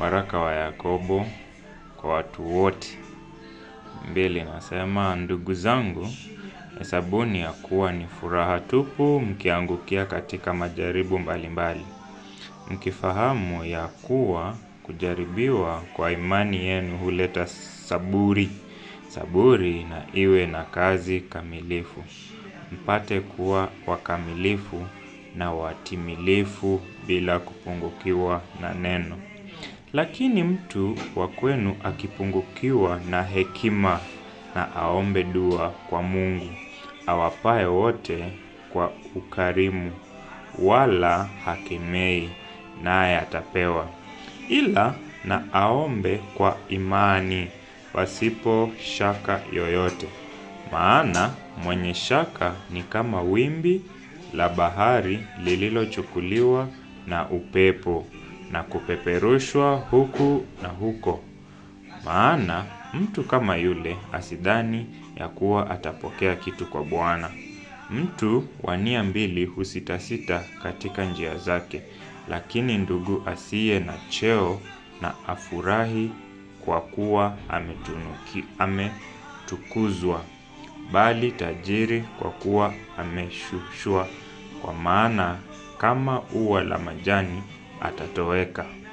Waraka wa Yakobo kwa watu wote. Mbili nasema, ndugu zangu, hesabuni ya kuwa ni furaha tupu mkiangukia katika majaribu mbalimbali mbali. Mkifahamu ya kuwa kujaribiwa kwa imani yenu huleta saburi, saburi na iwe na kazi kamilifu, mpate kuwa wakamilifu na watimilifu bila kupungukiwa na neno. Lakini mtu wa kwenu akipungukiwa na hekima, na aombe dua kwa Mungu awapaye wote kwa ukarimu, wala hakemei, naye atapewa; ila na aombe kwa imani, pasipo shaka yoyote. Maana mwenye shaka ni kama wimbi la bahari lililochukuliwa na upepo na kupeperushwa huku na huko, maana mtu kama yule asidhani ya kuwa atapokea kitu kwa Bwana. Mtu wa nia mbili husitasita katika njia zake, lakini ndugu asiye na cheo na afurahi kwa kuwa ametunuki, ametukuzwa, bali tajiri kwa kuwa ameshushwa. Kwa maana kama ua la majani atatoweka.